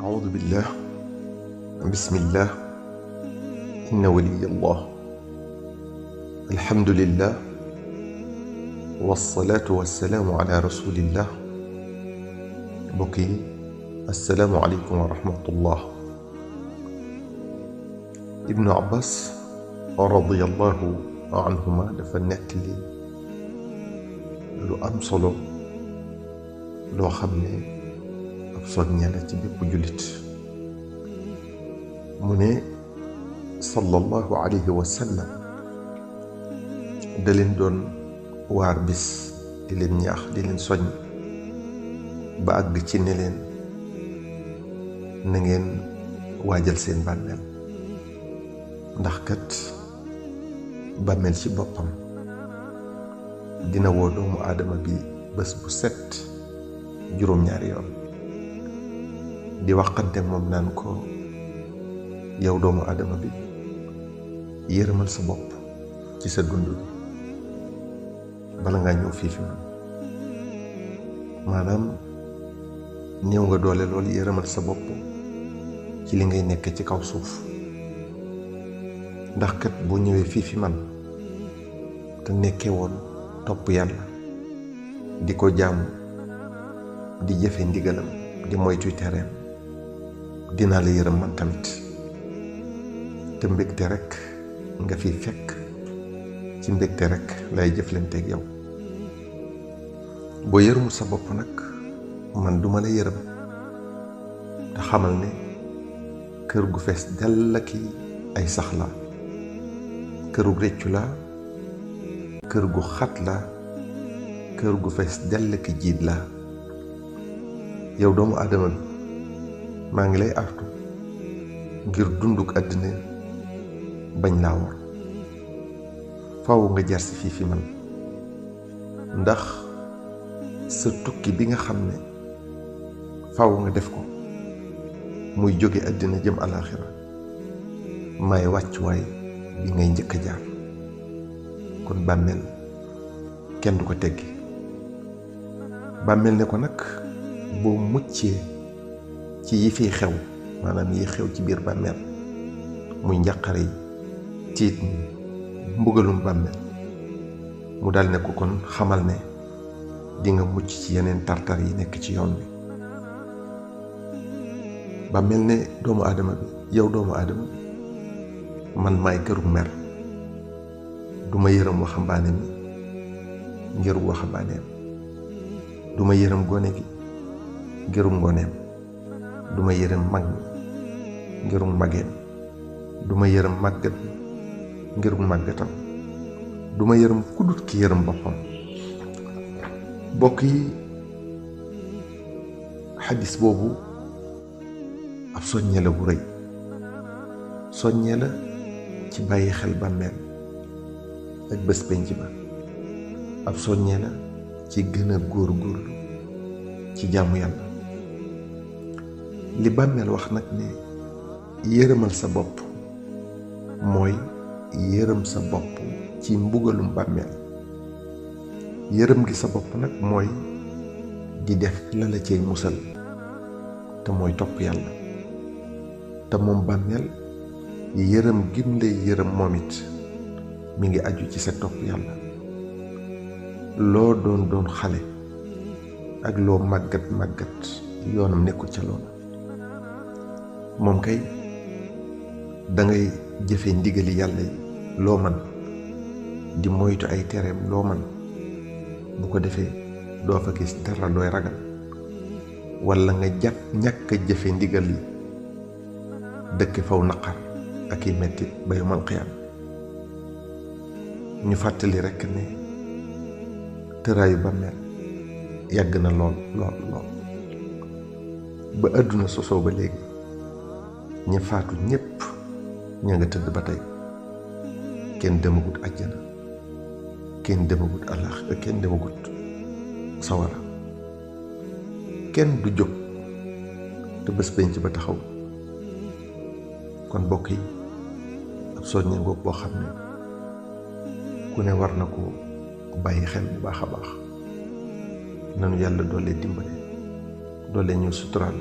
أعوذ بالله بسم الله إن ولي الله الحمد لله والصلاة والسلام على رسول الله بكي السلام عليكم ورحمة الله ابن عباس رضي الله عنهما dafa لي لو أمصلو لو خمني soññee la ci bépp jullit mu ne sallallahu alayhi wa sallam doon waar bis di leen ñaax di leen soññ ba àgg ci ne leen na ngeen waajal seen bàmmeel ndax kat bàmmeel ci boppam dina woo doomu aadama bi bés bu set juróom-ñaari yoon di waxanteeg mom nan ko yow ya doomu adama bi yermal iya, sa bop ci sa dund bi bala ngaa ñëw fii fi manam maanaam nga doole lol yermal sa bop ci li ngay nekk ci kaw suuf ndax kat bo ñewé fi fi man iya, te nekké won top yalla di ko di jëfe ndigalam di moytu terrain dinaa la yërëm man tamit te mbegte rekk nga fi fekk ci mbégte rekk lay jëflanteek yow boo yërëmu sa bopp nag man duma la yërëm te xamal ne kër gu fees dell ki ay sax la kërug réccu la kër gu xat la kër gu fees dell ki jiit la yow doomu aadama maa ngi lay artu ngir dunduk àddina bañ laa war faw nga jar si fii fi man ndax sa tukki bi nga xam ne faw nga def ko muy jóge àddina jëm alaaxira may wàccuwaay bi ngay njëkk a jaar kon bàmmeel kenn du ko teggi bàmmeel ne ko nag boo muccee ci yi fiy xew maanaam yi xew ci biir bàmmeel muy njàqare yi tiit mi mbugalum bàmmeel mu dal ne ko kon xamal ne dinga mucc ci yeneen tartar yi nekk ci yoon bi bàmmeel ne doomu aadama bi yow doomu aadama bi man maay këru mer duma ma yërëm waxambaane mi ngëru waxambaaneem du yërëm gone gi ngëru ngoneem du ma yërëm mag ngirum mageen du ma yërëm màggat ngirum màggatam duma ma yërëm kudut ki yërëm boppam bokk yi xadis boobu ab soññe la bu rëy soññe la ci bàyyi xel bàmmeel ak bés penc ba ab soññe la ci gën a góor góorlu ci jaamu yàlla li meluak wax nak ne yeureumal sa bop moy yeureum sa bop ci mbugalum bàmmeel yeureum gi sa bop nak moy di def la la cey musal te moy top yalla te moom bàmmeel yërëm gim lay yeureum momit mi ngi aju ci sa top yalla lo don don xale ak lo magat magat yonam nekkul ci moom kay dangay ngay jëfe ndigali yàlla loo man di moytu ay tereem loo man bu ko defee doo fa gis dara looy ragal wala nga jàpp ñàkk a jëfe ndigal yi dëkk faw naqar ak i metti ba man xiyam ñu fàttali rekk ne tëraayu bàmmeel yàgg na lool lool lool ba àdduna sosoo ba léegi ña ñépp ña nga ba tey kenn demagut àjjana kenn demagut àllax kenn demagut sawara kenn du jóg te bés penc ba taxaw kon bokk yi ab soññe ngoog boo xam ne ku ne war na ko bàyyi xel bu baax a baax nanu yàlla doole dimbale doole ñu suturaal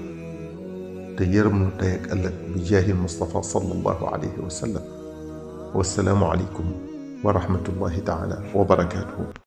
تيار تيرم قال لك بجاه المصطفى صلى الله عليه وسلم والسلام عليكم ورحمة الله تعالى وبركاته